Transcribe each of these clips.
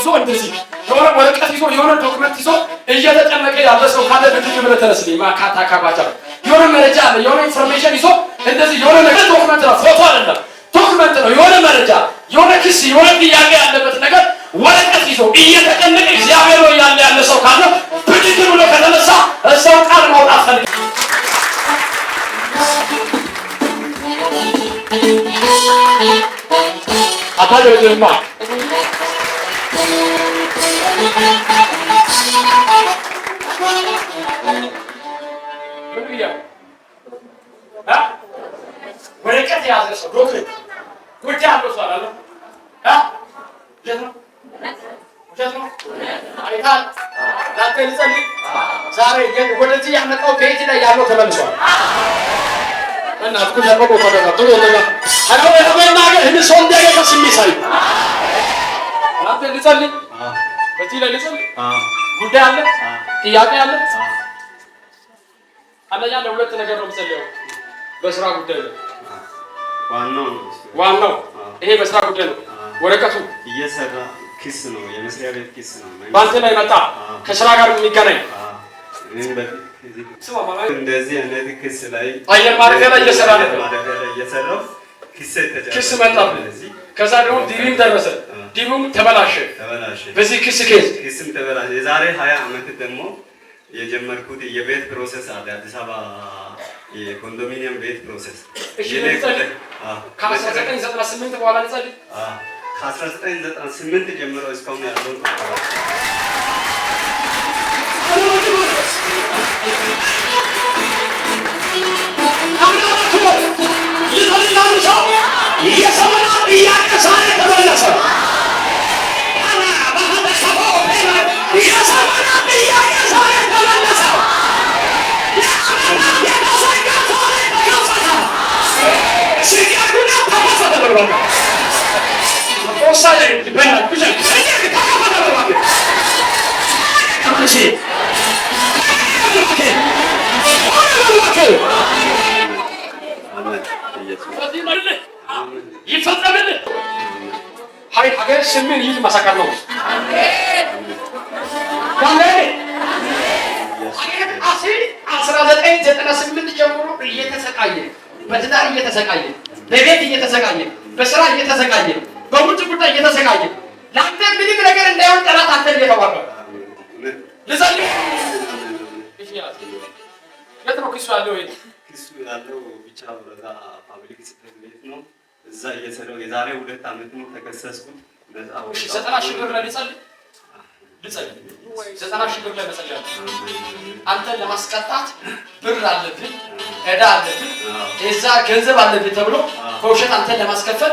ለቅሶ እንደዚህ የሆነ ወረቀት ይዞ የሆነ ዶክመንት ይዞ እየተጨነቀ ያለ ሰው ካለ ብድግ ብለህ ተነስልኝ ማካታ ካባቻ የሆነ መረጃ አለ የሆነ ኢንፎርሜሽን ይዞ እንደዚህ የሆነ ነገር ዶክመንት ነው፣ ፎቶ አይደለም፣ ዶክመንት ነው። የሆነ መረጃ የሆነ ክስ የሆነ ጥያቄ ያለበት ነገር ወረቀት ይዞ እየተጨነቀ እግዚአብሔር ወይ ያለ ያለ ሰው ካለ ብድግ ብሎ ከተነሳ እሰው ቃል ማውጣት ፈልግ አታደርግማ Bereket yazıyorsun, dokun. Kurti yapıyorsun herhalde. Ha? Hocasın mı? Hocasın mı? Harikal. Rahatlayın seni. Sari, yedi kodası yanına kal, peyci አንተ ልጸልይ፣ በዚህ ላይ ልጸልይ። ጉዳይ አለ፣ ጥያቄ አለ። አንደኛ ለሁለት ነገር ነው የምጸልየው። በስራ ጉዳይ ነው ዋናው ዋናው ይሄ በስራ ጉዳይ ነው። ወረቀቱ እየሰራ ክስ ነው፣ የመስሪያ ቤት ክስ ነው። በአንተ ላይ መጣ ከስራ ጋር የሚገናኝ እንደዚህ አይነት ክስ ላይ አየር ማረፊያ ላይ እየሰራ ነው። ክስ መጣ። ከዛ ደግሞ ዲሪም ደረሰ እንዲሁም ተበላሸ። ተበላሸ። በዚህ ክስ ኬዝ ክስም ተበላሸ። የዛሬ ሀያ አመት ደግሞ የጀመርኩት የቤት ፕሮሰስ አለ። አዲስ አበባ የኮንዶሚኒየም ቤት ፕሮሰስ ከ1998 በኋላ ከ1998 ጀምሮ እስካሁን ያለው ሀገር ስምን ይህ መሰከር ነው። አስራ ዘጠኝ ዘጠና ስምንት ጀምሮ እየተሰቃየ በትዳር እየተሰቃየ በቤት እየተሰቃየ በስራ እየተሰቃየ በውጭ ጉዳይ እየተዘጋጀ ለአንተ ምንም ነገር እንዳይሆን ጠላት አንተ የተዋቀ የት ነው ክሱ ያለው? ወይ ክሱ ያለው ብቻ ፓብሊክ ቤት ነው። እዛ እየሰራው የዛሬ ሁለት ዓመት ነው ዘጠና ሺህ ብር ዘጠና ሺህ ብር አንተን ለማስቀጣት ብር አለብን፣ ዕዳ አለብን፣ የዛ ገንዘብ አለብን ተብሎ ከውሸት አንተን ለማስከፈል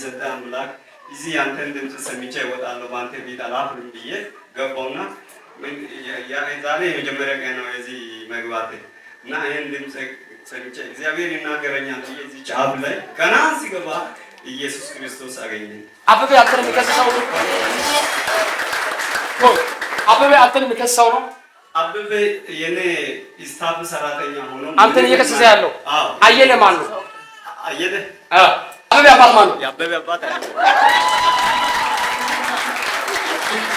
የሰጠ አምላክ እዚህ ያንተን ድምፅ ሰምቼ እወጣለሁ በአንተ ፊት አላፍርም ብዬ ገባውና ዛሬ የመጀመሪያ ቀን ነው የዚህ መግባት እና ይህን ድምፅ ሰምቼ እግዚአብሔር ይናገረኛል ብዬ እዚህ ጫፍ ላይ ገና ሲገባ ኢየሱስ ክርስቶስ አገኘ። አበበ አንተን የሚከሰው ነው። አበበ አንተን የሚከሰሰው ነው። አበበ የኔ ስታፍ ሰራተኛ ሆኖ አንተን እየከሰሰ ያለው አየለ ማን ነው? አየለ አዎ Abi yapalım abi. Yapma be yapma. Ya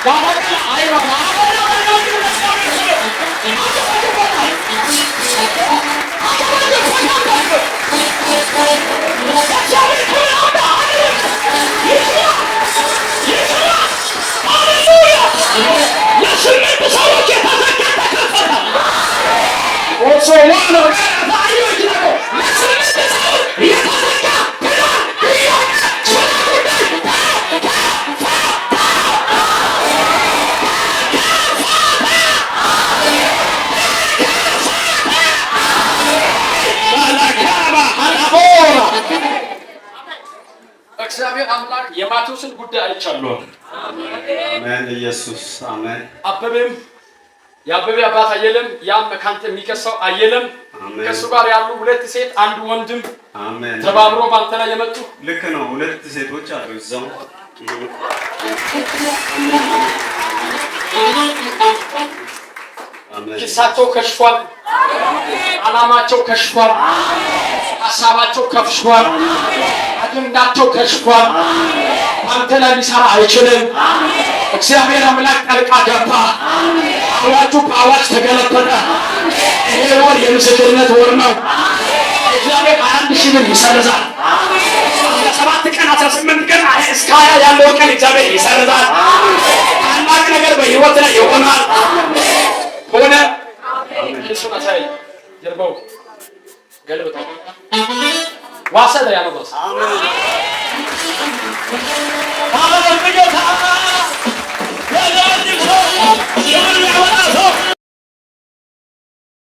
bak ya hayır bak. What's wrong with that? እግዚአብሔር አምላክ የማቴዎስን ጉዳይ አይቻለሁ። አሜን ኢየሱስ አሜን። አበቤም የአበቤ አባት አየለም፣ ያም ከአንተ የሚከሰው አየለም፣ ከእሱ ጋር ያሉ ሁለት ሴት አንድ ወንድም ተባብሮ ባንተ ላይ የመጡ ልክ ነው። ሁለት ሴቶች አሉ እዛው ኪሳቸው ከሽፏል። አላማቸው ከሽፏል። ሀሳባቸው ከፍሽፏል። አጀንዳቸው ከሽፏል። አንተ ላይ ሊሰራ አይችልም። እግዚአብሔር አምላክ ጠልቃ ገባ። አዋጁ በአዋጅ ተገለበጠ። ይሄ ወር የምስክርነት ወር ነው። እግዚአብሔር አንድ ሺህ ብር ይሰርዛል። ሰባት ቀን አስራ ስምንት ቀን እስከ ሀያ ያለው ቀን እግዚአብሔር ይሰርዛል። ታላቅ ነገር በህይወት ላይ ይሆናል። ሆነ Va a de